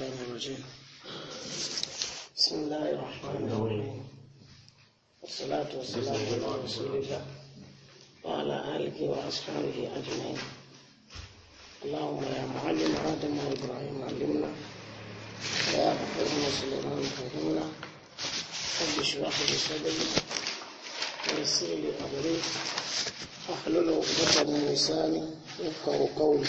الشيطان الرجيم بسم الله الرحمن الرحيم والصلاة والسلام على رسول الله وعلى آله وأصحابه أجمعين اللهم يا معلم آدم وإبراهيم علمنا ويا حفظنا سليمان فهمنا رب اشرح لي صدري ويسر لي أمري واحلل عقدة من لساني يفقه قولي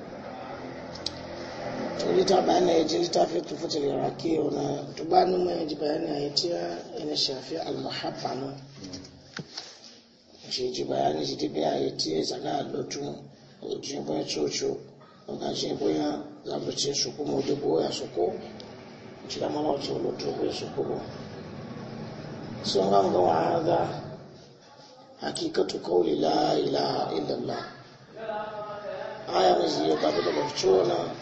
Tulita bayanin ya ji littafi tufuta iraki na dubanin mu ji bayanin ya ce yana shafi almuhabba no shi ji bayanin shi dibiya ya ce zaga alotu oji bayan coco oga shi bayan zabuce su kuma odi boya su ko ci da mama wace olotu bai su kuma sun ganga wa haza hakikatu kauli la ilaha illallah aya mazi ziyar babu da mafi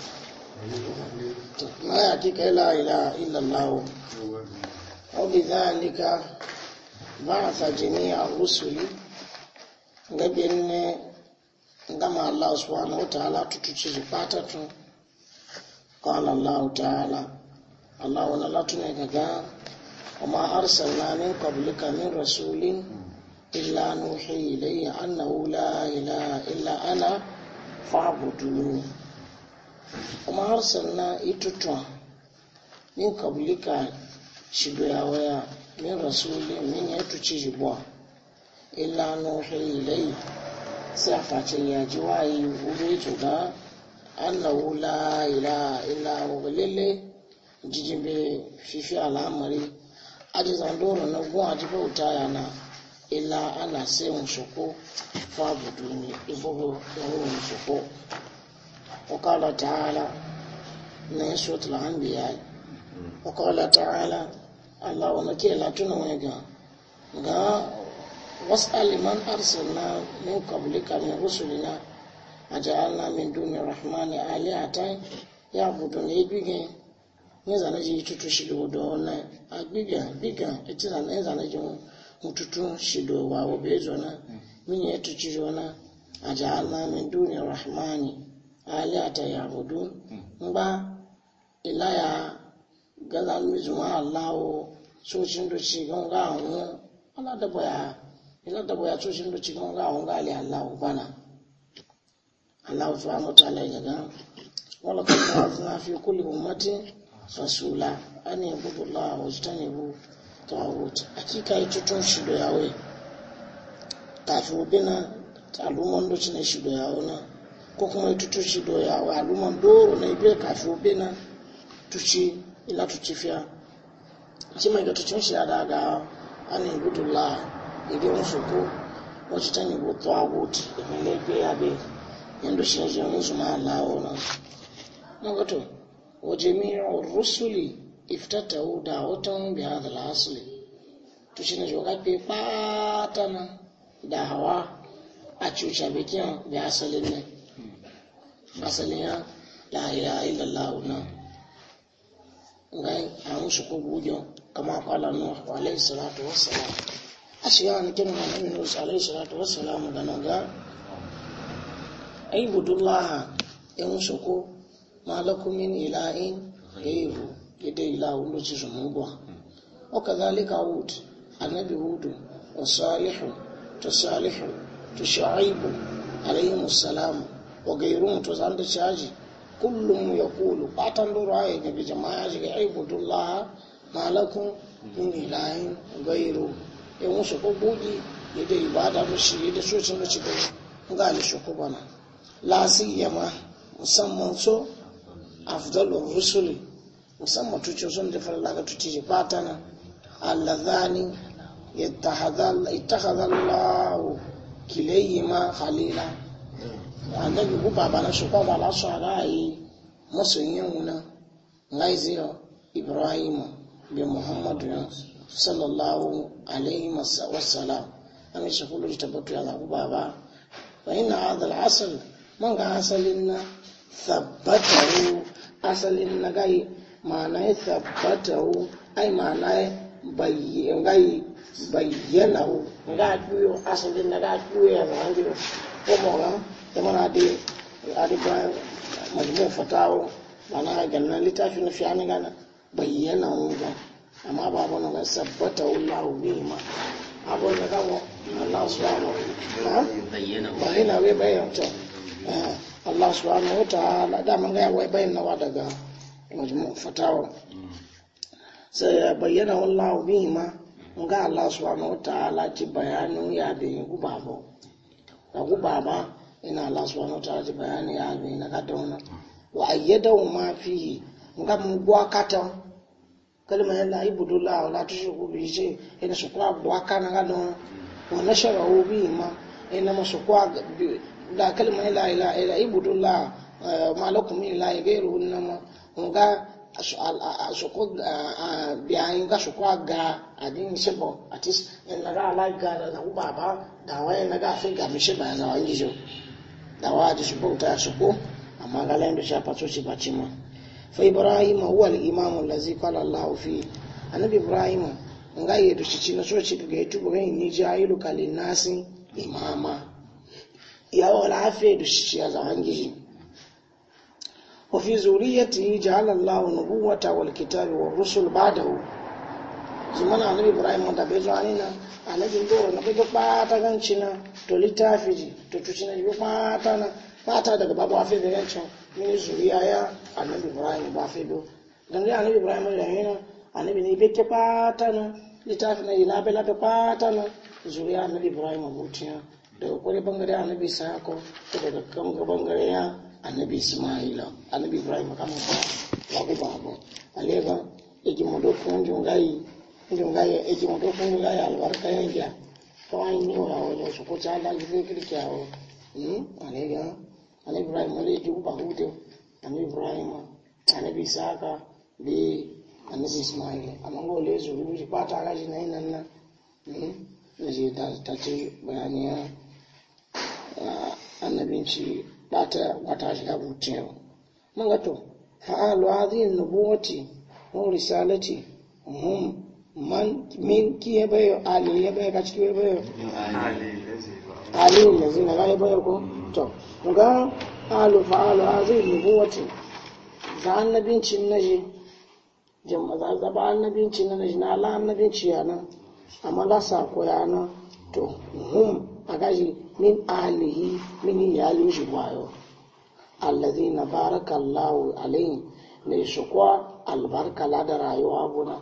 ma ya kika yi la'ila illallahu obi za a nika ba a sajini a rusuli gabin ne gama allah su wani wata'ala tututu su fata tun kwallon la'uta'ala allah wani latin ga ga kuma harsar lamin kwabulika min rasulin illa nuhi ilayya annahu la'ila illa ana fa'abudu kuma arsalna itutun min kablika shidoyawaya min rasuli min ya tuci jibuwa illa nuhi ilai sai a facin ya ji wayi wuri tuga annahu la ila illa wagalele jijin be fifi al'amari aji zandoro na gun aji bauta yana illa ana sai mu soko fa budu ne ibobo yawon soko وقال تعالى من سورة الأنبياء وقال تعالى الله ونكي لا تنويجا واسأل من أرسلنا من قبلك من رسلنا أجعلنا من دون الرحمن آلهة يعبدون يبيجين nza na ji tutu shido do na agbiga biga etina na nza na ji mututu shido wa obezo na mini etu chiro na ajalna min duni rahmani aliyata ya budu ngba ilaya gala mizun wa alawo tsoshin do ci gan ga hun ala da boya ila da boya tsoshin do ci gan ga hun ga ali alawo bana alawo fa mo ta la ga wala ka ta'afna fi kulli ummati rasula an yabudu allah wa yajtanibu tawut hakika yi tutun ya do yawe tafi obina ta alumon do ci na shi ya yawo na ko kuma tutuci doya wa aluman doro na ibe kafi obe na tuci ila tuci fiya shi mai ga tucin shi da ga ana ibudula ibe musu ko wacce ta yi ne gotu aguti ibe na ibe ya be yadda shi yanzu musu ma alawo nan na gato waje miyar rusuli iftatahu da watan bi hadal asli tuci na joga pe na da hawa a cuca bikin bi asalin nan fasaliya la ilaha illallah na ngai an ko bujo kama qala nuh alayhi salatu wassalam ashiya ne kin nan nuh alayhi salatu wassalam da nan ga ai budullah yan su ko malakum min ilahin gairu ida ilahu lutu zumugwa wa a hud annabi hudu wa salihu to salihu to shu'aibu alayhi salam wa gairun zan da caji kullum ya kulu fatan doro ya gabi jama'a shi ga ibudullah malakun min gairu ya musu ko buɗi ya da ibada da shi da socin da cikin ga a shi ko bana la siyama musamman so afdalur rusuli musamman tuce sun da farla ga tuce ya allazani ittakhadha Allah ma khalila annabi ku baba na shi kwamba la su ra'ayi masoyin wuna laiziyo ibrahim bi muhammadu sallallahu alaihi wasallam an shi kullu ta batu ya ku baba fa inna hadha al-asl man ga asalin na thabbatahu asalin na gai ma'ana ya thabbatahu ai ma'ana gai bayyanahu ga biyo asalin na ga biyo ya zangiyo ko mo zama na da ariba majmu fatawo mana ga ganin littafi na fi na gana bayyana wuga amma ba bana ga sabbata wallahu bihi ma abun da gamo Allah subhanahu wa bayyana bayyana wai bayyana to Allah subhanahu wa ta'ala da mun ga wai bayyana wa daga majmu fatawo sai bayyana wallahu bihi ma ga Allah subhanahu wa ta'ala ci bayanu ya da guba ba guba ba ina Allah subhanahu wa ta'ala bayani ya albi na kada wannan wa ayyadahu ma fihi nga mu gwa kata kalma yana ibudu la la tushku bi shi ina su kwa gwa kana ga don wa nashara hu bi ma ina masu kwa da kalma la ila ila ibudu la eh, ma lakum min la ghayru nama nga su ko biyayin ga su kwa ga adin shibo at least in na ga ala ga da ubaba da wayan na ga fi ga mishi bayan zawan gizo da waji shi bauta shi ko amma ga layin da shafa so shi baci ma fa ibrahim huwa al imam allazi qala allah fi annabi ibrahim nga yi da shi na so shi ga yitu ga ni jahilu kalin nasin imama ya wala afi da shi ya zaman gishi وفي ذريته جعل الله النبوة والكتاب والرسل zumana annabi ibrahim wanda bai zo anina annabi doro na bai kpata ganci na to littafi ji to tuci na jibi kpata na kpata daga babu afi da yanci mini zuriya ya annabi ibrahim ba fi do gangan annabi ibrahim da na annabi ne bai ke kpata na littafi na ila bai labe kpata na zuriya annabi ibrahim mutiya daga kwari bangare annabi sako daga kan bangare ya annabi ismaila annabi ibrahim kama ba ba babu alega ikimudo kunjungai ilim ga ya eki mo kun ga ya albarka yin ya to ai ni wa wa yo su ko ta la ji kiri kya o yi ale ibrahim ku ba ku te ale ibrahim ale bi saka bi ismail amma go le su ku ji pata ga ji nan nan na ne ji ta ce bayaniya annabin ci bata wata shiga bucin mun ga to fa'alu hadhihi nubuwati wa risalati man min ki ya bayo ali ya bayo kaci ki ya bayo ali ne zai na ya bayo ko mm. to ga alu fa alu hazin nubuwati za annabincin naji jama'a za za ba annabincin na ji? na ala annabinci ya nan amma la sako ya nan to hum a gaji min alihi min iyalin shi na allazina barakallahu alaihim ne shi kwa albarka la da rayuwa guna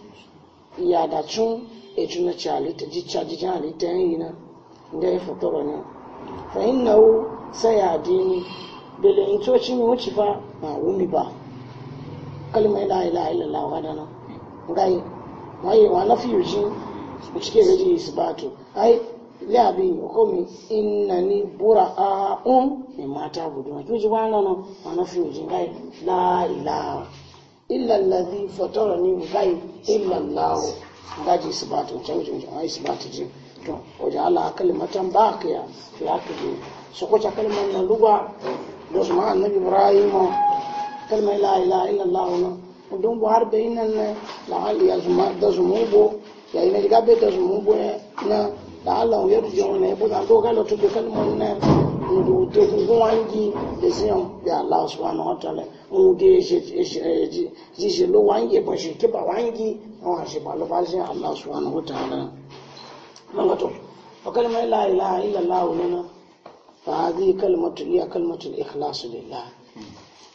iyadacin etu na calita jicca jijin halitta yanyi na da ya fito rana fahim na wu sai ya dini bele in coci mi wuce fa ma wumi ba kalmai la ilaha illallah wa dana ngai mai wa na fiye ji cike da ji isbatu ai labi ko mi innani bura'a'un mi mata gudu na kuji ba nan ma na fiye ji ngai la ilaha illa allazi fatarani gai illa allah gaji sibatu canjin ai sibatu ji to waje Allah kalimatan baqiya ya kuje su kuce kalmar nan ruwa da su ma annabi ibrahim kalmar la ilaha illa allah na don bu har bayin nan la hali ya zuma da zumubo ya ina ga be da zumubo na da Allah ya tuje wannan ya buga dogalo tuke kalmar nan ndu te wangi de ala ya Allah subhanahu wa ta'ala nge je je je lo wangi ala shi ke ba wangi wa shi ba lo ba shi Allah subhanahu wa ta'ala nan ga to fa kalma la ilaha illa Allah lana fa hadhi kalmatu ya kalmatu al-ikhlas lillah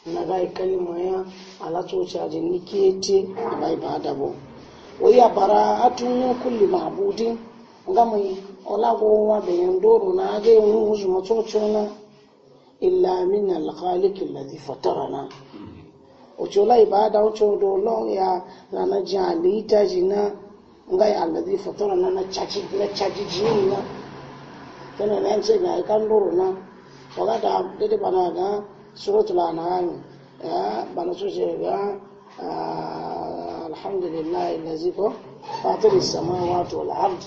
na ga kalma ba ala ba dabo o nikete ba ibada bo wa ya ma kulli ma'budin gama olagowa da yandoro na aga yin wuzu matsoci na illa min alkhalik alladhi fatarana ocho la ibada ocho do lo ya rana jali ta jina ngai alladhi fatarana na chachi na chachi jina kana nan sai na kan doro na waga e da dede bana ga suratul anam ya bana so je ga ah, alhamdulillah alladhi fatara as-samawati wal ardh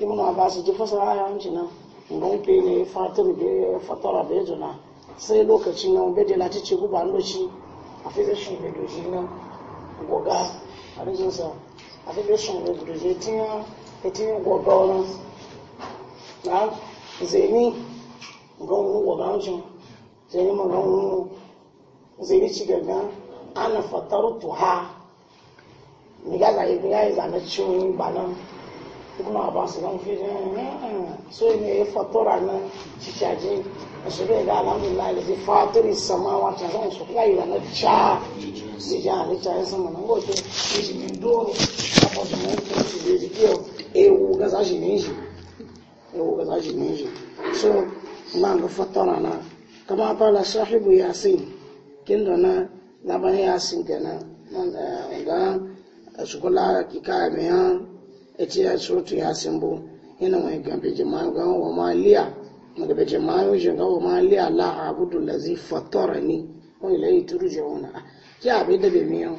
ibn abbas ji fasara yawanci nan ngon pe ne fatir be fatara be juna sai lokacin nan be da lati ce guba lokaci a fi shi be do nan goga a rijin sa a fi shi be do je tiya e tiya goga wannan na zeni ngon goga wanci zeni ma ngon zeni ci gaga ana fatarutuha ni gaza ibn ya izana ciwon banan kuma àbáṣe náà fi ṣe so ìmọ̀ èyí fọ́tọ́rà náà ṣiṣẹ́ àjẹ́ ìṣòro ìdá alhamdulilayi lè fi fàtírì sàmà wà tí a sọ̀rọ̀ sọ̀kọ́ láyé ìlànà tíṣà ìṣèjà àlejò àyẹ̀sán mọ̀ náà gbọ́dọ̀ èyí mi dóòrò àpọ̀jù mọ́ nípa ìṣèlè ìdíkì ọ̀ ewu gaza ṣì ní ìṣì ewu gaza ṣì ní ìṣì so kama sahibu yasin kindo na laban yasin kenan ga shukula kikaya mai eti ya surtu ya simbo yana mai gambe jama'a ga wa maliya daga da jama'a shi ga wa maliya la abudu lazi turu wa wani a ki abi da be miyo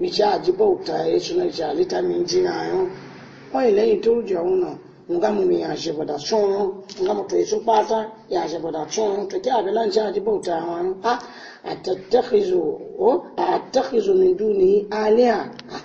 mi a ji bauta ya e suna a lita min ji turu wa wani turja'una nga mu mi ya shi bada tsoron nga mu to su e pata ya shi bada tsoron to ki abi lan a ji bauta wani a ah, atattakhizu o oh, atattakhizu min duni aliya ah,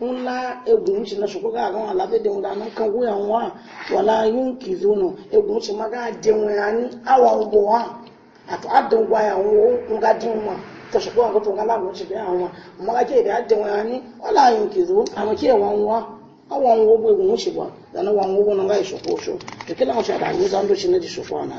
ńlá egun ti na sokoko àwọn alábẹ́dẹ̀wọ̀n dáná kan wúyà wọn à wọ̀lá yóò kì í egun ti máa gáà dẹ̀wọ̀n yà ní àwà ọgbọ̀ wa àti àdéhùn àwọn ohun ká dín wọn tọ̀sọ̀kọ́ àwọn tó ń gá láàbọ̀ ti bẹ́ àwọn máa jẹ́ ìdá dẹ̀wọ̀n yà ní wọ́lá yóò kì àwọn kí àwọn egun wà náà ìṣòkò kìkì láwọn ṣàdá sáńdó ṣe àná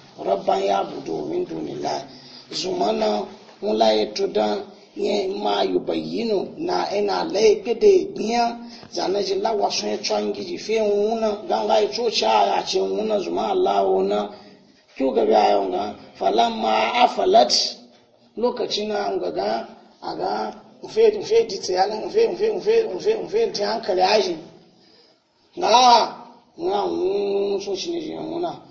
rabban ya budu min dunillah zumana wula ya tudan ye ma yi yubayinu na ina lai kede biya zana ji lawa sun ya tsan giji fe wuna yi tso tsoci a ce wuna zuma Allah wuna kyu ga a yau ga a afalat lokacin na ga ga aga ufe ufe ditse yalan ufe ufe ufe ufe ufe ti hankali aji na na mun so shi ne jin wuna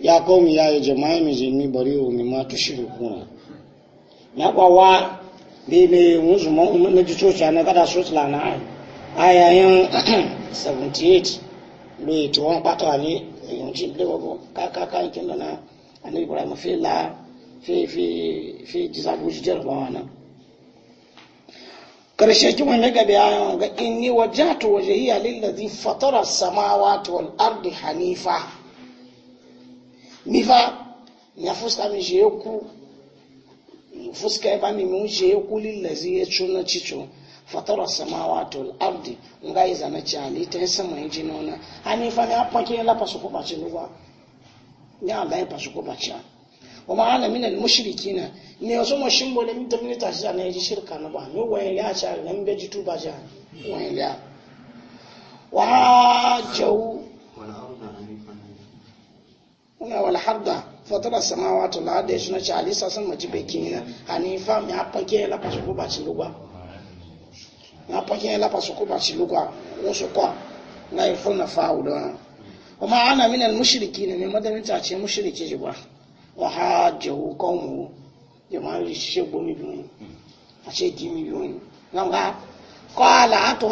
ya komi ya yi jama'i mi je bari o mi ma ta shiru kuna na kwawa bai ne wunzu ma na ji coci na gada so tila na a yayin 78 lo ito kwatawa ne a èyàn ti lé wọgbọ káàkáà kí da na náà àní ibrahim fi la fi fi fi jisabu jijẹ rẹ báwa náà karshe ki wani gabe ayon ga in yi wajatu waje yi alillazi fatara samawa wal ardi hanifa mifa ya fuska mi je ku fuska eba bani mun je ku na ya cuna cico fatara samawati wal ardi nga iza na chali ta sama inji nona ani fa na pake la pasu ko ba ni ya Allah ya pasu ko ba cha wa ma ana min al mushrikina ne yaso mo shimbo le mitam ni tashi na yaji shirka na ba no waye ya cha na ji tu ba ja waye ya wa jau muna wala hadda fatara ta la de na cha alisa sun maji bekina hanifa na, apake la pasuko ba chilugwa na apake la pasuko lugwa chilugwa woso kwa na ifo na fauda kuma ana min al ne madanin ta ce mushrike ji ba wa hajju qawmu jama'a ri she gomi bi a ce gimi bi na ga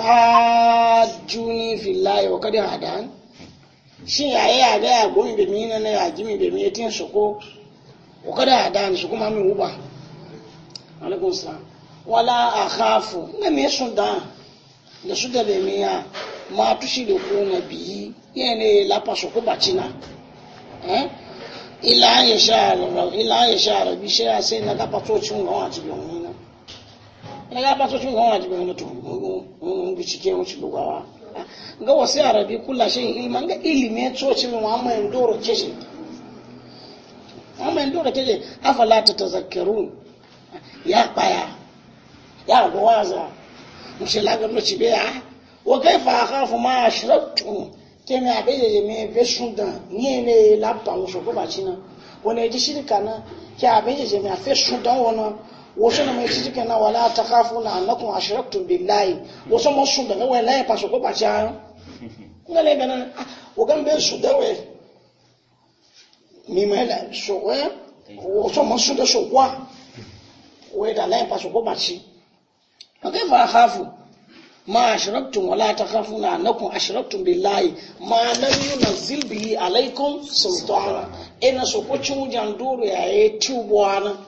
ha juni fillahi wa qad hadani shin yayi ya ga ya goyi da mina na ya gimi da mina tin su ko kada ya da su kuma min uba alaikum wala na da da su da miya ma tushi da ko na biyi su ko ila ya sha sha ya sai na cikin wani na cikin wani ka ga wasu arabi kula shi ilman ga ilimin coci min wa amma doro keshi amma doro keshi afala ta tazakkarun ya baya ya ga waza mushe lagar da cibe ya wa kaifa akhafu ma ashraktum kemi abeje me be sudan ni ne la pa so ko ba china wona ji shirka na ke abeje me afe da wona wosona mai ci jikin na wala takafu na annakun ashiraktun billahi wasu mo sunda na wala layi paso ko pacha an le gana o ah, gan be su da we mi mai la so we wasu mo sunda so kwa we da layi paso ko bace ke fa hafu ma ashraktum wala takafu na annakum ashraktum billahi ma lam yunzil bihi alaykum sultana ina so ko cin janduru etu bwana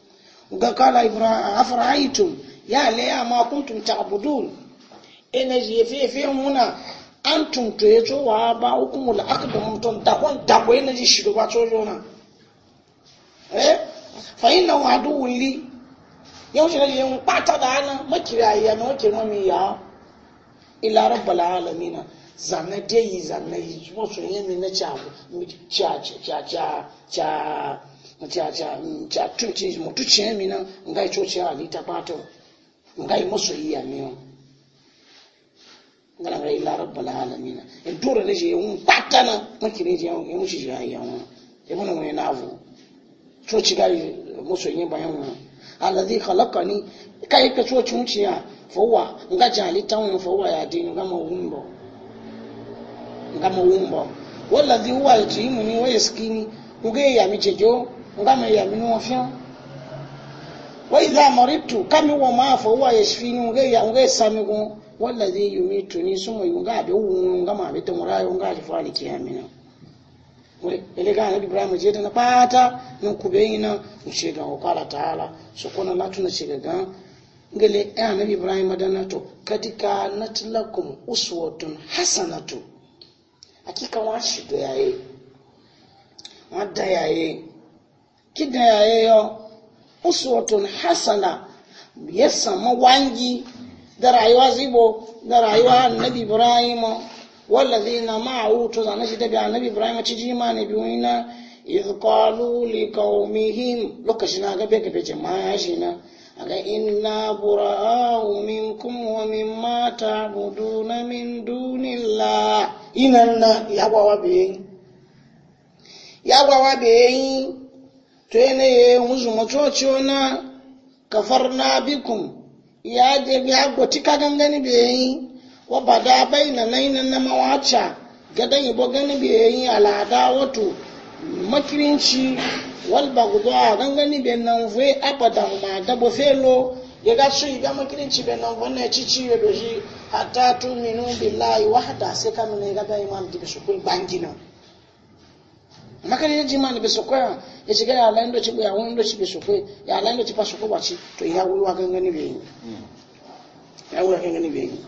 ga kala ibrahim afaraitum ya le ya ma kuntum ta'budun energy efe efe muna an to yato wa ba hukumul akdam ton ta kon ta ko energy shido ba to jona eh fa inna wadu li yau shi ne yin pata da ana makira ya na mami ya ila rabbal alamin zanne dai zanne yi so yin na cha cha cha cha cha mutuciyar mi nan ngai cociyar halitta fata ngai masoyiya mi yau ngana ngai larar bala alamina in tura na je yawon kwata na makirin je yawon yamushi je a na ya muna wani navu coci gai masoyin bayan wani alazi halakka ni kai ka coci wuciya fowa nga ja halitta wani fowa ya dinu gama wumbo gama wumbo wallazi huwa yutuyimuni wa yaskini ugeya michejo ngama ya minu ofia wa idha maritu kami wa maafa huwa yashfini ngai ya ngai samigu wallazi yumitu ni sumo yunga be wu ngama be tamura yunga ji fali kiyamina ele ga nabi ibrahim je na pata no kubeina ushega wakala taala sokona latu na shigaga ngele ya eh, nabi ibrahim dana to katika natlakum uswatun hasanatu hakika washido yaye wada yaye kida yayo uswatun hasana yasa mawangi da rayuwa zibo da rayuwa annabi ibrahim walladhina na to zana shi da annabi ibrahim ci jima ne biyuna idh qalu liqaumihim lokacin ga be gabe jama'a shi na aga inna bura'u minkum mata mimma ta'buduna min dunillah inanna yabawa be yabawa be to yanayi wuzu macoci na kafar na bikum ya je ya gwati ka gangani biyayi wa bada bai na nainan na mawaca gada ibo gani biyayi alada wato makirinci wal bagdwa gangani be nan ve abada ma dabo felo ya ga su ga makirinci be nan wannan ci ya doji hatta tu minu billahi wahda sai kamin ya ga imam dibe su bangina makarantar jima ne bisa koya ya shiga ya lain doci ya wani doci bisa koya ya lain doci fa su ko ci to ya wuri wa gangani bai yi ya wuri gangani bai yi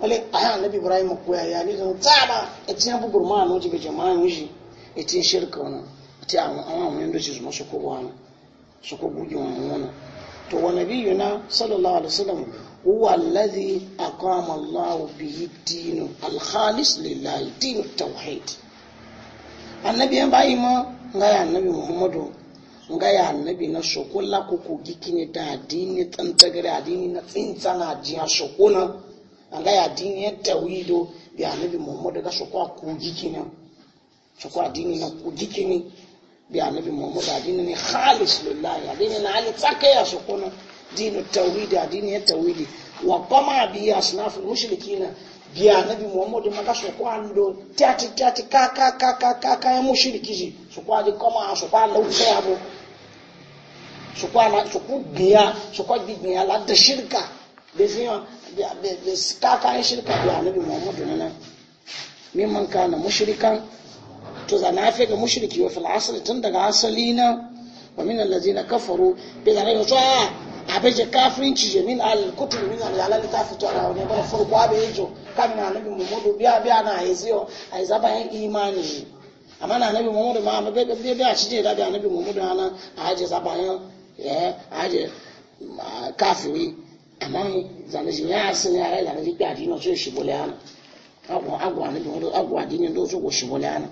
wale a ha annabi ibrahim koya ya ne zan tsaba a cikin bugur ma no jibe jama'a ne shi a cikin shirka wannan a cikin awon awon wani doci su masu kogo wani su ko bugi wani wani to wa nabiyuna sallallahu alaihi wasallam huwa alladhi aqama allahu bihi dinu al khalis lillahi dinu tawhid annabi yan bayi ma nga ya annabi muhammadu nga ya annabi na shokola koko gikini da adini tantagare adini na tsinta na jiya shokona nga ya adini ya tawido bi annabi muhammadu ga shokola ko gikini soko adini na ko gikini bi annabi muhammadu adini ne khalis lillahi adini na ali tsaka ya shokona na dinu tawhid adini ya tawhid wa biya bi asnaf mushrikina biya nabi muhammadu maka su kwa ndo tati tati ka ka ka ka ka ka ya mushiriki ji su kwa di koma su kwa lauce abu su kwa na su ku biya su kwa di biya la da shirka da zinya da ka ka ya shirka biya nabi muhammadu nana ka na mushirikan to za na fi ga mushiriki wa fil asr tun daga asali na wa min allazina kafaru bi zalika abeje kafirinci je min al kutubi min al fito wani bana na nabi muhammadu biya biya na aiziyo ai zaba yin imani ne amma na nabi muhammadu ma amma bai biya shi je da da nabi ana a haje zaba yin eh haje kafiri amma zane shi ya asini ya rai zane shi biya dino so shi bole ana agwa agwa nabi muhammadu agwa dini ndo so ko shi bole ana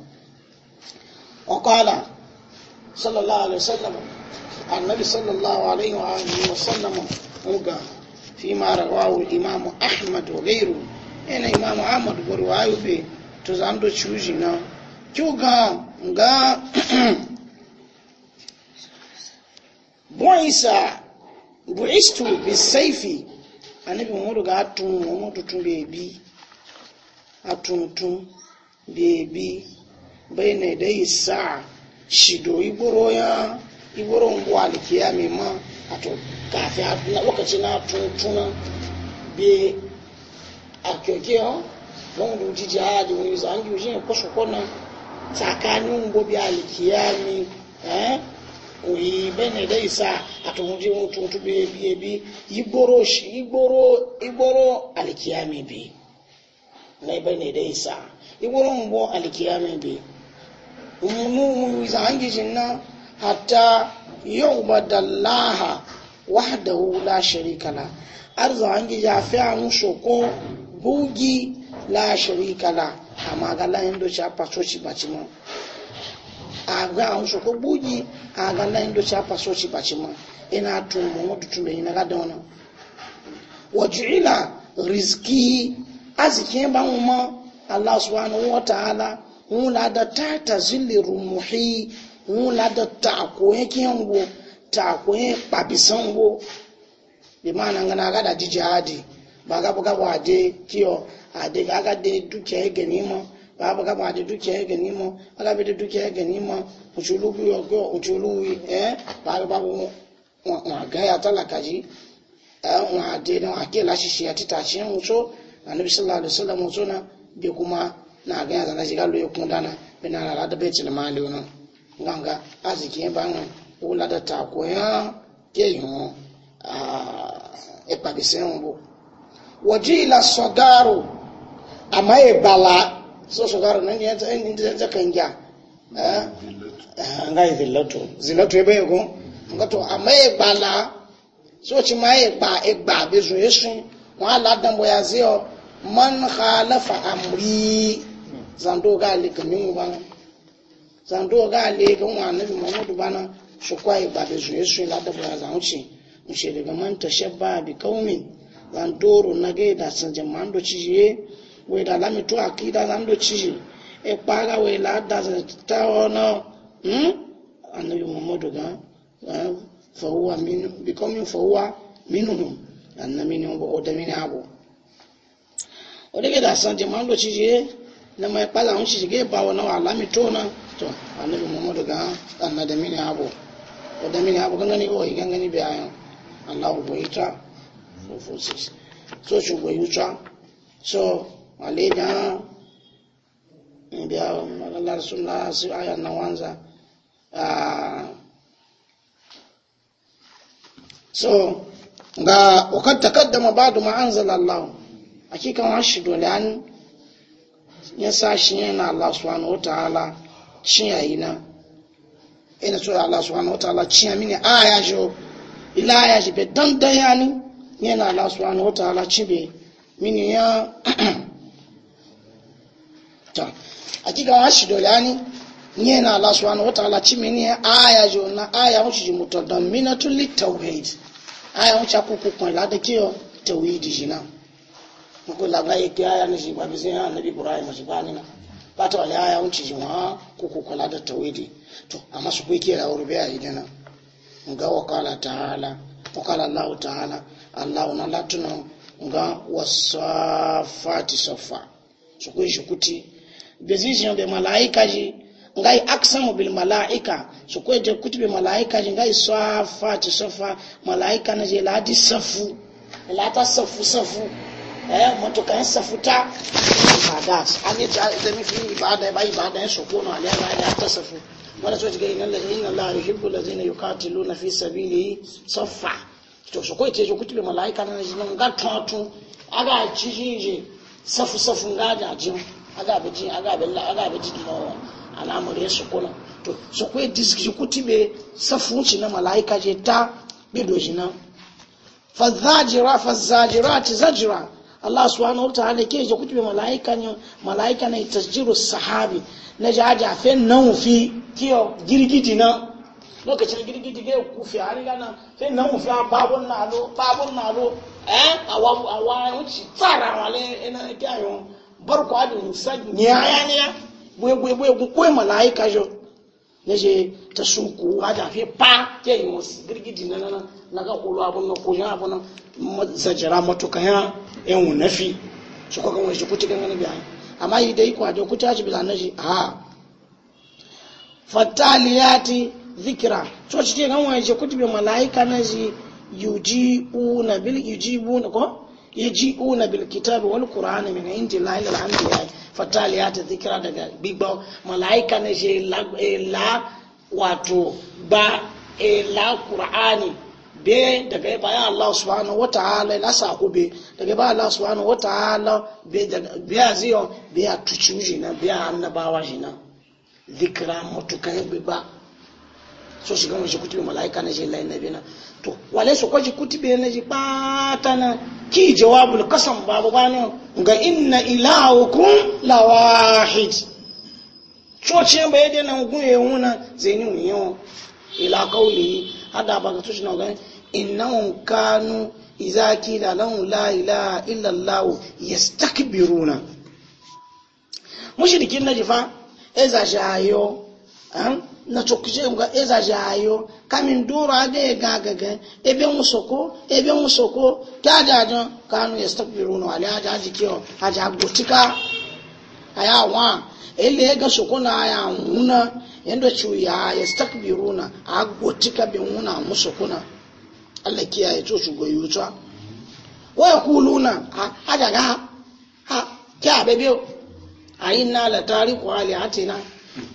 annabi sallallahu alaihi wa alihi wa sallam muga fi ma rawahu imam ahmad wa ghayru ina imam ahmad wa rawahu be to zando chuji na kyuga nga buisa buistu bisayfi anabi muhammadu ga atun muhammadu tun bebi atuntun bebi bai na da isa shido igboro ya iwurin buwa da kiyami ma a to kafin na lokaci na tuntuna bi a kyoke ha don ruji jihadi wani zan yi shi ne kwashe kwanan tsakanin gobe alikiyami eh oyi bene da isa a to wuje mutuntu bi ebi ebi igboro shi igboro igboro alikiyami bi na bene da isa igboro mbo alikiyami bi mu mu zan ndị ji na hatta laha wahdahu la sharika la arzo angi ya fi an soko bugi la sharika la amma ga a indo cha paso ci bacimo aga an soko bugi a la indo a paso ci bacimo ina tumu mutu tumu ina ga dona waj'ila rizqi azikin ban mu Allah subhanahu wa ta'ala mu la da ta zilli rumuhi ń ladọ taako yẹn kí ń wo taako yẹn pàbísán wo bímọ anangana agada jíjẹ adi bagabagabo ade kíọ ade agade dúkìá yẹn gẹ̀ní mọ́ bagabagabo ade dúkìá yẹn gẹ̀ní mọ́ agabede dúkìá yẹn gẹ̀ní mọ́ òtúlùwí ọgọ́ òtúlùwí ẹ bagabagbo wọn àgáyà tálàkàjì ẹ wọn ade náà àkè láṣìṣe àti tàṣẹ ń wọṣọ anabi sallallahu alaihi wasallam wọṣọ na, bi kuma na àgáyà tálàṣìṣe ká lóye kún dáná bí náà aládàbẹ̀ tìlẹ̀ máa lé wọn na. nganga aziki banga wula da tako ya ke yiwu a ikpabisen bu waje ila sogaru amma ya bala so sogaro nan ya tsayin inda zai kan gya e, e, nga yi zilato zilato ya bai gun nga to amma ya bala so ci ma ya gba igba bi zuwa yesu wọn aladan boya zai man khalafa amri zando ga alikamin wani zando ga le ga wa annabi muhammadu bana su kwai ba da zuye su la da ba za wuce mu she daga man tashabba bi qaumin zandoro na ga da san jama'an do ciye we da lami to akida zando ciye e paga we la da ta ono hmm annabi muhammadu ga fa huwa min bi qaumin fa huwa minhum annabi ne ba da mini abu o da ga da san jama'an do ciye na mai e pala hun shi ge bawa na wa lami to na to annabi muhammadu ga anna da mini abu ko da mini abu gangani o yi gangani biya ayan allah ko ita so forces so shi go yuta so wale da biya magalar sunna su ayan na wanza ah, so ga wakad takaddama ba'du ma anzala allah hakikan dole an ya sashi yana allah subhanahu wata ta'ala chiya ina ina so Allah subhanahu wa ta'ala chiya mini aya jo ila aya ji dan dan yani na Allah subhanahu wa ta'ala mini ya ta akika wa shi dole yani ne na Allah subhanahu wa ta'ala ni aya jo na aya wuce ji mutadamminatu aya la tawhid jina ko la shi ba Ibrahim shi ba ni na bata wale aya unchi jima ah, kuku kula da tawidi to ama su kuke da urbe a idana wakala ta'ala wakala Allah ta'ala Allah na latuna ga wasafati sofa su kuyi shi kuti bezijin be malaika ji ngai aksamu bil malaika su kuyi je kuti be malaika ji ngai safati safa malaika na je ladi safu lata safu safu eh motoka yasafuta ibadat ani ta zami fi ibada ba ibada a soko na alai ba ya tasafu wala so jiga inna inna allaha yuhibbu allazina fi sabilihi saffa to soko ite jo malaika na jinan gatatu aga cijinje safu safu ngaja jin aga beji aga la aga beji no alamar ya soko na to soko disk jo safu na malaika je ta bido jinan fazajira Allah subhanahu wa ta'ala ke je kutube malaika ne malaika ne tasjiru sahabi na jaji a fen nan fi kiyo girgidi na lokacin girgidi ga ku fi hari gana fen nan fi babun na lo babun na lo eh awa awa wuci tsara wale ina eh, kiyayo barko adin sa ya ne ya gwe gwe gwe malaika jo yeje ta suku ha da fe pa ke yi musu girgiji na nan na ga kulu abun na koyi abun nan zajira matuka ya yan wunafi su kwa gama shi kuti gangana biya amma yi dai kwajo ku tashi bi zanen shi ha fataliyati zikira so shi ke gama shi kuti bi mala'ika na shi yuji una bil yuji na ko yaji'una bil kitabi wal qur'ani min indi la al anbiya fataliyat dhikra daga bigbo malaika ne je la la wato ba la qur'ani be daga bayan Allah subhanahu wataala la sa kube daga bayan Allah subhanahu wataala be daga be aziyo be atuchuji na be annabawa jina dhikra mutukai bi ba so shiga mun shi kutubi malaika ne je la nabi na to wale su kwaji kutube na ji bata nan ki jawabul kasan babu bani ga inna ilahukum lawahid coci bai da nan guye wuna zaini wiyo ila kauli hada ba ga tushi ga innahum kanu idza da lahum la ilaha illa allah yastakbiruna mushrikin najifa eza shayo an eh? na tsokujenga ezajayo kamin duro ade gagaga ebe musoko ebe ka musoko kadajan kanu yastakbiruna ala ajaji kiyo aja gotika aya wa ele ga soko na aya huna yanda chuya yastakbiruna agotika be huna musokuna Allah ya to su goyuta wa yaquluna aja ga ha kya bebe ayinna la tariqu ali atina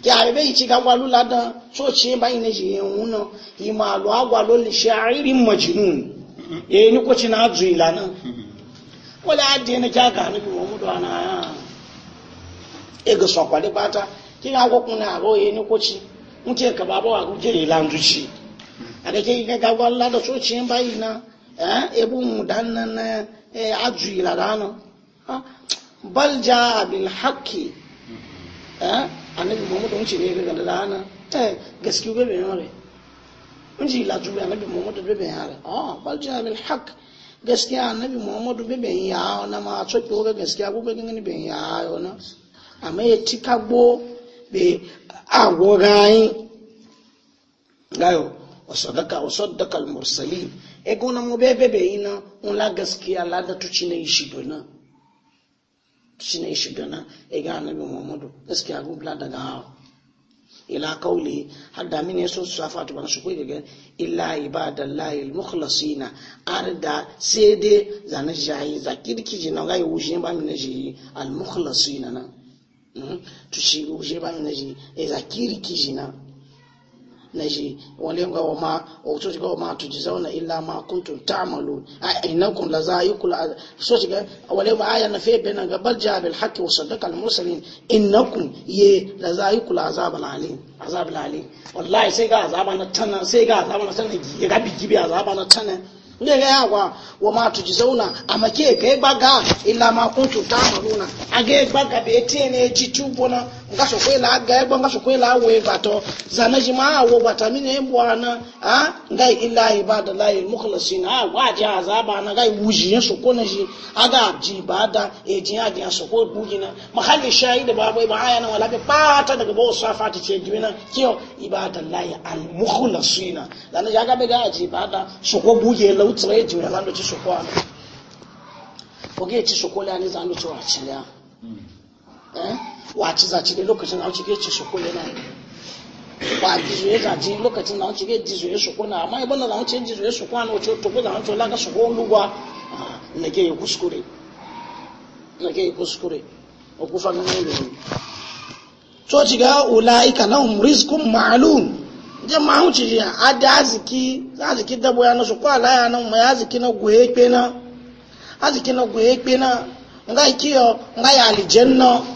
kyarbe ichi ga gwalula da so ci ba ina ji agwa imalu agwalo li sha'irin majnun eh ni ko ci na zu ilana wala adde na kya ga ni muhammadu ana ya e ga so kwale pata ki ga ko kuna ro eh ni ko ci mutiye ka baba wa ku je ilandu ci ada ke ga ga gwalula da so ci ba ina eh ebu mudan nan eh azu na. bal ja bil haqqi eh annabi muhammadu wuce ne ga da dana eh gaskiya bebe yare wuce la jube annabi muhammadu bebe yare ah bal ja bil haqq gaskiya annabi muhammadu bebe ya na ma so ki ga gaskiya bu ga ngani be ya yo na amma ya tika gbo be agwo gai gayo wasadaka wasadaka al mursalin e gona mo bebe be ina un la gaskiya la da tuci ne shi shi ne shi dana ya ga annabi muhammadu gaskiya gubla daga hawa ila kauli har da mini so su safa tuban su kai daga illa ibadallahi al-mukhlasina arda sai dai zana jayi zakirki jina ga yi wuce ba mini ji mukhlasina na hmm? to shi wuce ba mini ji eh, zakirki jina na shi wani ga wa ma a so shiga wa ma ji zauna illa ma ta ta'malu a kun la zaiqul so shiga wani ba aya na fe bena ga bal jabil haqqi wa saddaqa al mursalin kun ye la zaiqul azab al alim azab al alim wallahi sai ga azaba na tana sai ga azaba na tana ya ga a azaba na tana ne ga yawa wa ma ji zauna a make ga gbaga illa ma kuntun kuntum na a ga gbaga be tene ji na. ngasho kwela gaebo ngasho kwela we bato zana jima wo batamine bwana ha ngai illa ibadallahi mukhlisin ha waja azaba na ngai wuji yesu kona ji aga ji ibada e ji ya ji so ko bujina mahalli shahid babo ba aya na wala be pata daga bo safati ce gina ibada ibadallahi al mukhlisin zana jaga be ga ji ibada soko ko buje lautsare ji wala ndo ci so ko ana ci so ko la ni zan ndo ci eh wa ci zaci da lokacin na wuce ke ci su kule na wa ji zuye zaci lokacin na wuce ke ji zuye su kuna amma ibon na wuce ji zuye su kuna wuce to ko na wuce laka su ko lugwa na ke yi kuskure na ke yi kuskure o kufa na ne yi to ci ga ula'ika lahum rizqun ma'lum jama wuce ji a da aziki aziki dabo ya na su kwa laya na mu ya aziki na goye pe na aziki na goye pe na nga ikiyo nga ya alijanna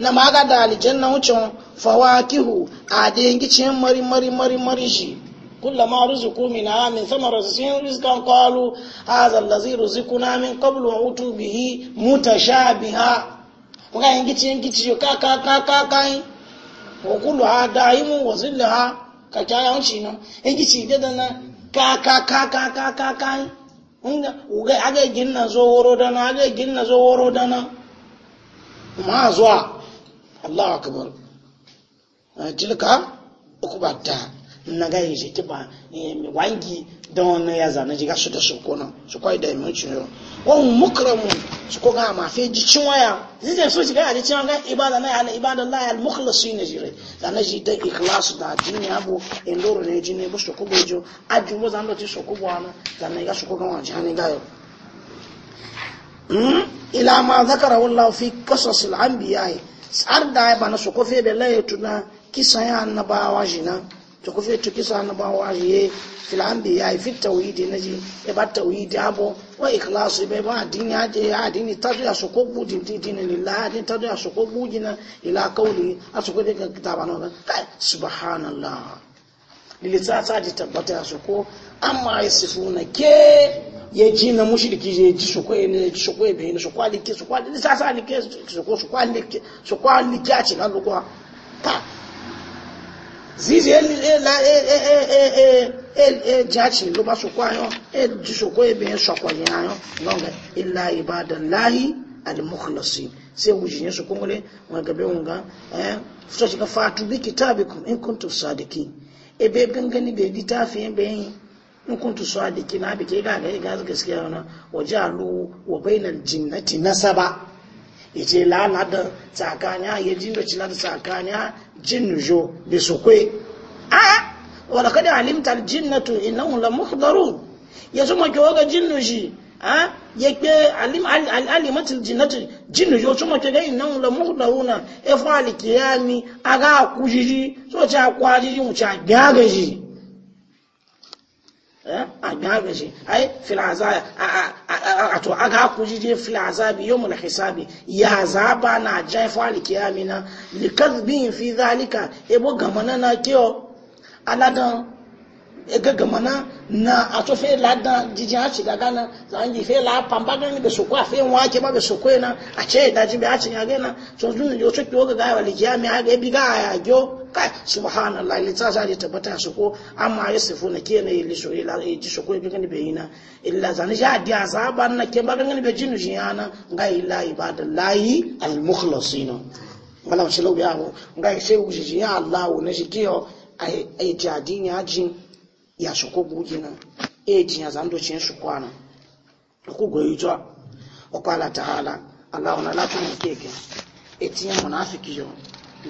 na maga da alijin na wucin fawa kihu a dayan gicin mari mari mari mari shi kula ma ruziku min amin sama rasisiyin rizikan kwalu a zallazi ruziku na min kabulu a hutu bihi muta sha biha muka yin gicin gici ka ka ka ka ka wa kullu ha da yi mu wa zilla ha ka kya yawon shi nan yin gici da na ka ka ka ka ka ka ka yi aga gina zo woro da na gina zo woro da na ma zuwa Allahu akbar eh, tilka ukubata naga yin shi kiba eh, wangi don wani ya zana ji gasu da soko su kwai da imin ciyo wani mukramu su ko ga mafi ji cin waya zai zai so shiga ji cin waya ibada na yana ibada la ya mukhlasu ne jire zana ji da ikhlasu da jini abu in loro ne jini bu su kubo jo aju mu zan lati su kubo ana zana ga su ko ga wani hani ga yau ila ma zakara wallahu fi qasas al-anbiya har da ya bana su kofe da layatu na kisan ya annabawa shi na ta kofe ta kisan annabawa shi ye filambi ya fi tawidi na ji ya ba tawidi abo wa ikilasu bai ba adin ya je addini ta ya su ko didi dinin lillahi addini ta ya su ko budi na ila kauli a su ko daga kitaba na kai subhanallah lilita ta ji tabbata ya su ko amma ya na ke ye ji na mushriki ye ji su koyi ne su koyi bai ne su kwali ke su kwali sa sa su ko su kwali su kwali a cikin lokwa ta zizi e la e e e e e e jaci lo ba su kwayo e ji su koyi bai su kwali ayo longa illa ibadallahi al-mukhlasin sai wujin su kuma ne wa gabe wanga eh fata ka fatu bi kitabikum in kuntum sadiqin ebe gangani bai littafi yin e bayan in kuntu sadiki na bi ke ga ga ga gaskiya na wajalu wa bainal jinnati nasaba yace la na da tsakanya ya jinda cila da tsakanya jinjo bi su kwe a wala kada alimta ina innahum la muhdarun yazo ma ke waga jinnu shi a yake alim alimatul jinnatu jinnu yo so ma ke ga innahum la muhdaruna e fa a aga kujiji so cha kwajiji mu cha gagaji Eh, a gaga shi ai filaza a to aga ku jije filazabi yau mula hisabi ya zaba na jaifa likiyamina likazbin fi zalika ebo gamana na kiyo aladan egagama na na fe la dan jiji a ci gaga na yi fe la pamba ga ni be soko a fe wa ke ba be soko na a ce da jin be a ci gaga na to zun yo so ki ga ga wali ya mi a ga bi ga ya jo kai subhanallah li tsasa li tabata soko amma yasifu na ke ne li so ila e, ji soko bi gani be na illa zan ja di azaban na ke ba ga ni be jinu jiyana ga illa ibadallahi al mukhlasina wala shi lo ya ngo ga sai wuji ya allah ne shi kiyo ai ai jadi ya jin ya soko gugi na e jinya zando cin su kwana ku goyi zuwa wa qala ta'ala Allah na la tun keke etiyan munafiki yo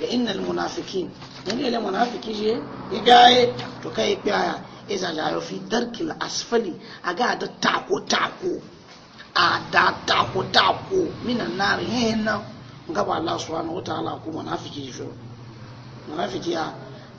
ga innal munafikin mun ile munafiki je igaye to kai piya iza e, la yo fi darkil asfali aga da tako tako a da tako tako minan nar hinna ngaba Allah subhanahu wa ta'ala ku munafiki jo munafiki ya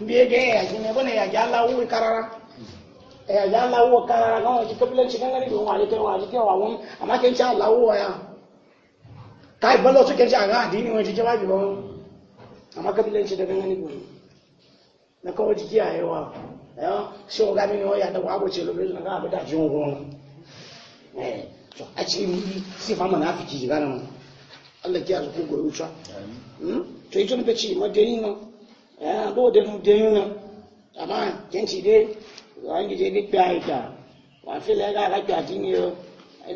mbiyege eyajime bona eyaje alawuwe karara eyaje alawuwe karara gan waje kabilanci gangani domin waje kai waje kai wa alawuwa ya ta ballo su a ga addini wani jike ba ba wani amma kabilanci da gangani domin na jiki yawa ṣé ọ̀gá mi ni wọ́n yàtọ̀ wàá wòṣe lóbi lóṣù náà ji jí ogun ọ̀nà ẹ̀ tó àti fi eh do de dun de yun ama kenti de wa ngi ni pya ita wa fi le ga ga pya ti ni o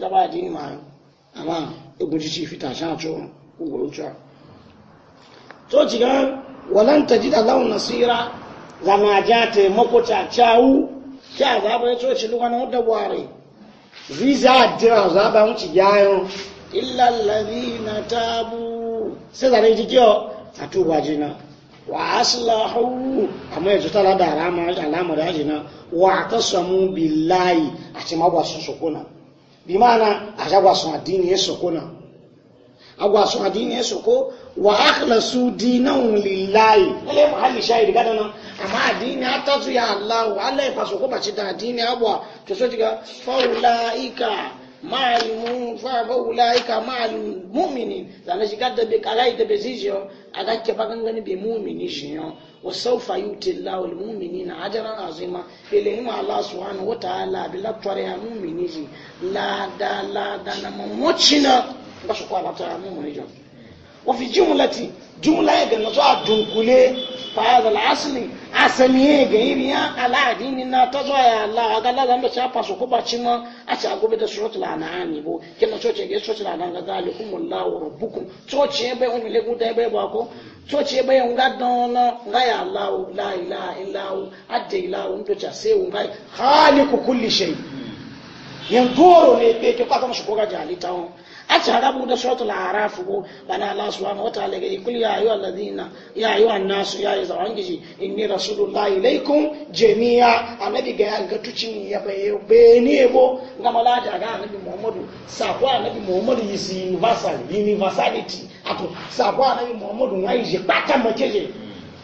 da ba ti ni ma ama egun ti ti fi ta sha cho ku go lo cha to ji ga walan tajida lahu nasira zama ja te makota chawu kya za ba to ci luwa na da ware visa dira za ba mu ci yayo illa alladhina tabu sai da ne ji kiyo atuba jina wa aslahu kamar yanzu tana da alama alama da ajina wa tasamu billahi a ci magwa sun sokona bi mana a jagwa sun addini ya sokona agwa sun addini ya soko wa akhlasu dinan lillahi ale mu hali shahid gada na amma addini ya tatu ya allah wa allah ya fasoko ba ci da addini agwa to so diga faulaika ma'al mufa ba ulaika zana shiga da be kalai da be zijo aga ke fagan gani be mu'mini shiyo wa sawfa yuti Allahu al-mu'minina ajran azima ile mu Allah subhanahu wa ta'ala bi la ya mu'mini ji la da la da na mu mucina ba su kwa ba ta mu'mini wafi jimlati jumla ya ga nasu a dunkule fayazal asali asali ya ga yi biya aladi ni na ta zuwa ya Allah ga lada da ta faso ko ba cin nan a da surat al-an'ami bo ke na soce ga soce da ga zali kuma Allah wa rabbukum soce bai on le guda bai ba ko soce bai on ga don na ga ya Allah la ilaha illa hu adda ila hu to ta sai un bai khaliqu kulli shay yan toro ne be ke ka ga mushi ko ga jali ta ati harabu da suratul araf ko bana Allah subhanahu wa ta'ala ga kulli ya ayu alladhina ya ayu annas ya ayu zawangiji inni rasulullahi ilaikum jami'a annabi ga ya ga tucin ya baye bene bo ga malata ga annabi muhammadu universal universality ato sako annabi muhammadu ngai je pata makeje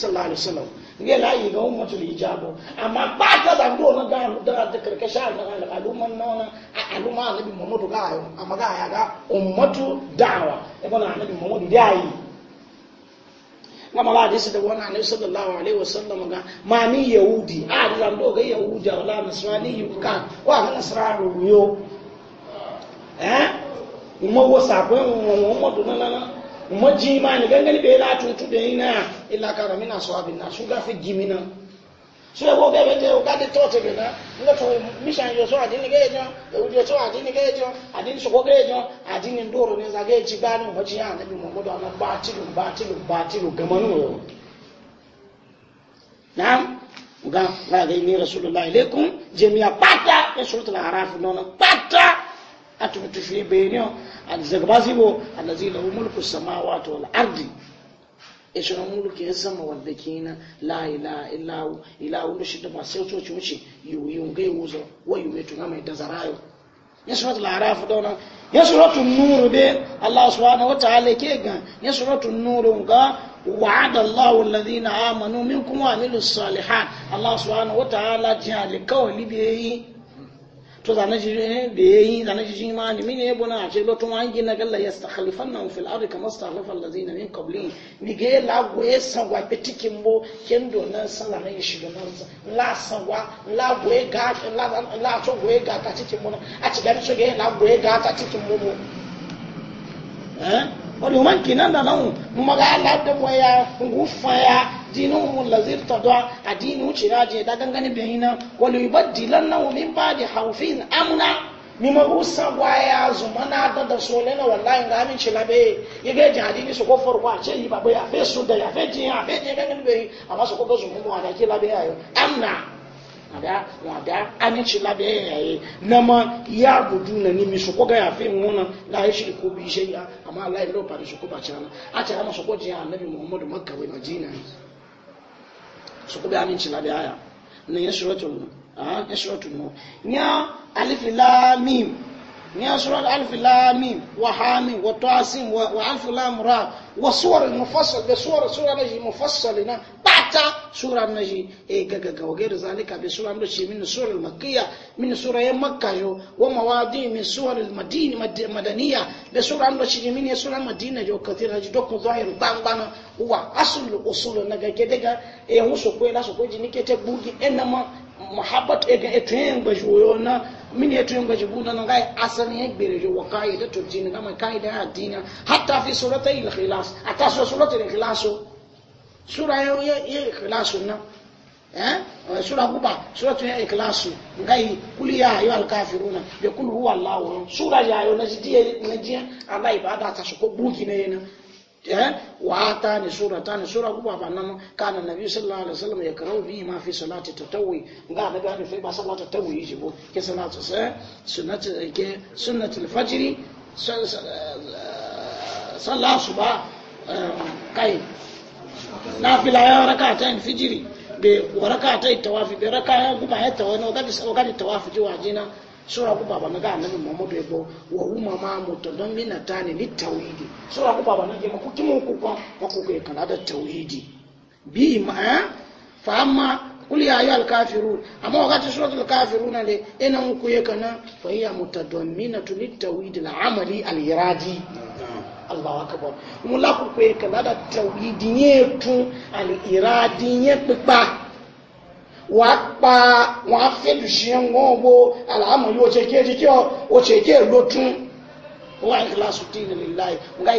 sallallahu alaihi wasallam nge la yi ga ummatu amma ba ta da na ga da da karkasha na ga na nona a aluma muhammadu ga ayo amma ga ya ga ummatu da'wa muhammadu da yi ngama da sallallahu alaihi wasallam ga ma ni yahudi ah, a da ndo ga yahudi wala nasrani yukan wa ga nasrani yo eh mo ko na na maji ma ni gangan be la tun tu de ina illa kara mina sahabin na suga fi gimina so e go be be o ga de to te be na nga to mission yo so adin ge jo e u so adin ge jo adin so go ge jo adin ndoro ne za ge ji ba ni maji ya na bi mo go do na ba ti lu ba ti lu ba ti lu gamanu yo na'am ga ga ni rasulullahi alaikum jami'a pata ya e suratul araf nono pata atumtu fi bayinio azagbazi bo allazi lahu mulku samawati wal ardi ishina mulki ya sama wadda kina la ila illa hu ila shi da ba sai to ci yiwu yuyun gai wuzo wayu metu na mai dazarayo ya suratul araf da wannan ya suratul nur be allah subhanahu wa ta'ala ke ga ya suratul nur ga وعد الله الذين آمنوا منكم وعملوا الصالحات الله سبحانه وتعالى جعل قولي به to zane shi ne da ya yi zane shi ma limi ne a ce wangi na galla ya stakhalifan nan fil ardi kama stakhalifan min ni ge la bo ken do na sala na na la ga la ta cikin mu a ci ga so ge la ga ta دينهم الذي irtada adini wuce raje da بهنا bayina wal yubaddilannahu min ba'di khawfin amna mima rusa waya zumana da da sole na wallahi ga min ci labe ya ga jadi ni su ko a ce yi baba ya fe su da ya fe jin jin ko ada wada aminci labe yayi nama ya gudu na nimi su ga ya ngona la yi ko bi shi ya amma Allah ya lo pare su ko ba cana a ta ma su ko annabi Muhammadu makka wai madina su kuma aminci na da haya nan ya suratu mu a ya suratu mu ya alif lam mim ya surat alif lam mim wa hamim wa tasim wa alif lam ra wa suwar mufassal da suwar sura da mufassal na ba bata sura na e gaga ga wage da zalika bi sura min sura al-makkiyya min sura ya makka yo wa mawadi min sura al-madini madaniya sura sura madina jo kathira ji wa usul na ga ke daga e musu ko la su ko jini ke te bugi enama muhabbat e ga e, ba na min e gbere wa kaida to jini kaida hatta fi suratai suratai sura yau ya ikhlasu nan eh, eh sura guba sura tun ya ikhlasu ngai kuli ya ayu alkafiruna be kul huwa allah sura ya ayu na jiye na jiye allah ibada ta su ko bugi ne yana eh wa ta ni sura ta ni sura guba ba nan kana nabi sallallahu alaihi wasallam ya karau bi ma fi salati tatawwi ga nabi hadi fi ba salati tatawwi ji bo ke salatu sai sunnat ke sunnatul fajri sallah eh, eh, suba kai nafila ya raka ta yin fijiri be raka ta yi tawafi be raka ya guba ya tawa na ogadi tawafi ji wajina sura ku baba naga annabi muhammadu bo wa huma ma mutu don mina tani ni tawhidi sura ku baba naga ku kimu ku ko ku ku kana tawhidi bi ma eh, fa amma kuli ya ayyuhal kafirun amma wakati suratul kafirun ne ina ku kuye kana fa hiya mutadamminatu ni tawhid al amali al iradi allah akaba wọn lákòókò yẹn kàn láda tẹ̀wìdì yẹn tún àlè ìradì yẹn pípa wọ́n á pa wọ́n á fẹ́lù ṣe ń wọ́n wo àlàámọ̀ yóò ṣe kí ẹ ti kí ọ ó ṣe kí ẹ ló tún wọ́n á ìlà sùn tí ìrìnlẹ̀ láì wọ́n ká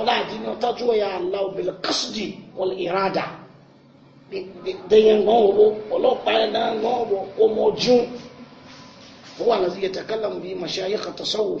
ọ̀la àdínní ọ̀tájú ọ̀yà allah obìnrin kásìdì wọ́n wo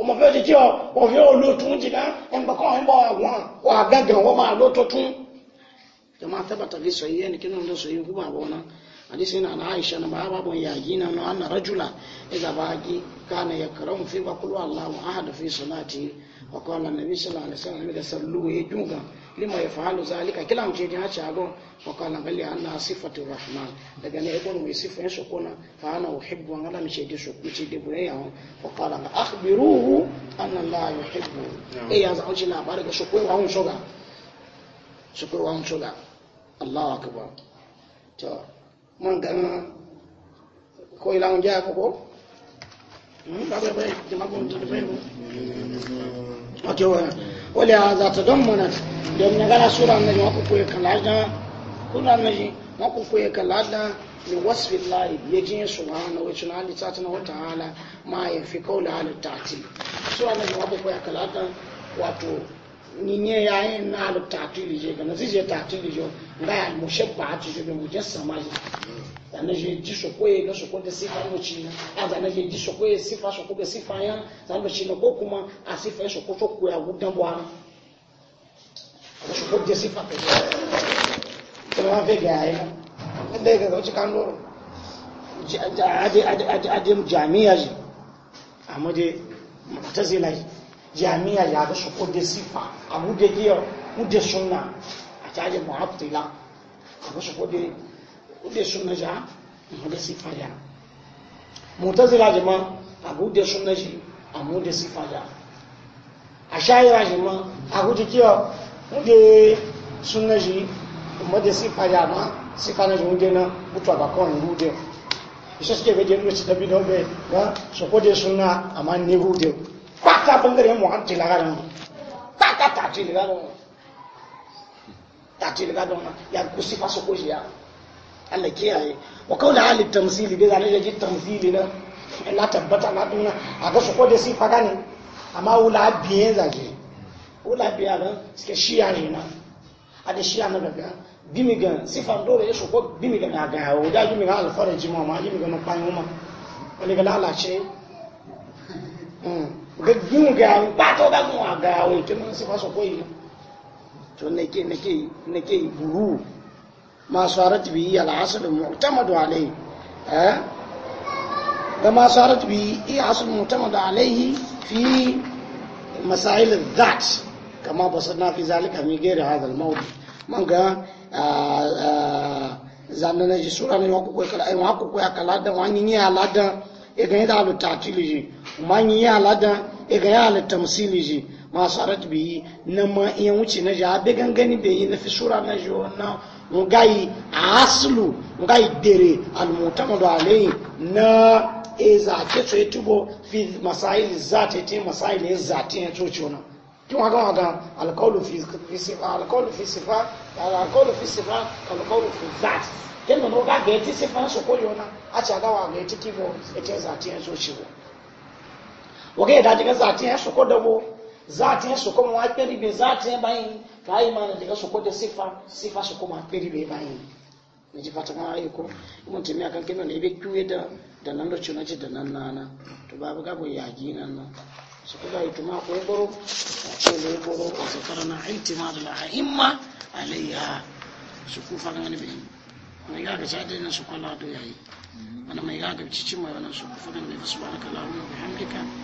ọmọfẹ́ ti tí ọ ọ̀fẹ́ olótún jìdá ẹnbẹ̀kọ́ ẹnbọ̀ àwọn wà gángan wọ́n máa lótótún jama fi soyi yani da soyi ku ba bona hadisi na na Aisha na baba bon na no rajula idza kana yakram fi wa qul wallahu ahad fi salati wa qala an lima ya fahalu zalika kila mje ni acha ago wa qala bal anna sifatu rahman daga ne ibn mu sifan shi kona fa ana uhibbu an ala mje de shuku ce de bure yawo wa qala akhbiruhu anna la yuhibbu e ya zan ji labarin ga shuku wa hun shoga shuku wa hun shoga Allahu akbar to man ga ko ila mun ja ko wale za ta don mana don na gana sura na jima kuku ya kala da kuna na ji ma kuku ya kala da ne wasfi lahi ya ji ya suwa na wacin halitta ta na wata hala ma ya fi kaula halitta ti na jima kuku ya kala da wato ni ne ta zana je ji soko ya ga soko da sifa no ci na a zana je ji soko ya ya zana ci na ko kuma a sifa ya soko to ko ya gudan bwa a soko da sifa ka ji kuma ma fe ga ya inda ya ga ci kan doro aje aje aje aje jami'a ji amma dai mu'tazila jami'a ya ga soko da sifa abu da a a ude sunna ja amude sifa ja mutazila jama agude sunna ji amude sifa ja ashaira jama agude kiyo ude sunna ji umade sifa ja ma sifa na jumude na mutu abakon rude isa suke gaje nuna ci tabi dobe ga su kode suna amma ne rude kwata bangare mu an tilagarin kwata ta tilagarin ta tilagarin ya kusi faso koji ya Allah kiyaye wa kaula halit tamsili bai zane da ji tamsili na na tabbata na duna a ga su ko da sifa gani amma wula biye zage wula biya ga suke shiya ne na a da shiya na daga bimi ga sifan dole ya shoko bimi ga na gaya wuda bimi ga alfarin jima ma bimi ga makwayin ma wani ga lalace hmm. ga bimi ga ba ta ga gun a gaya wuce nan sifa su koyi to nake nake nake buru ma sarat bihi al-asl mu'tamad alayhi eh kama sarat bihi asl mu'tamad alayhi fi masail al Kama kama basarna fi zalika min gere hadha al-mawdu manga zanna na jisura ne wako ko kala ai wako ko kala da wani ni ala da e ga da al-ta'til ji ma ni ala da e ga al-tamsil ji ma sarat bihi na ma iya wuce na ja be gangani bai yi na fi sura na ji wannan ngai aslu ngai dere almutamadu alayhi na e zace etubo fi masail zati ti masail ezati zati ya e coci wani kin waga waga alkaulu fi sifa alkaulu fi sifa alkaulu fi sifa alkaulu fi zati kin e e da noga ga sifa su koyo na aga waga yati kibo ita zati ya coci wani waga ya dajiga zatin su kuma wa kiri be ya bayin ka yi mana daga su da sifa sifa su kuma kiri be bayin ne ji fata ma ayi ko mun tumi akan kino ne be kiwe da da nan da cuna da nan nana to babu gabo yagi nan nan su kuma yi tuma ko goro a ce ne goro a zakarna iltimadu la himma alayya su kufa ngani be mai ga ga sai da su kula do yayi ana mai ga ga cici mai wannan su kufa da subhanaka bai hamdika?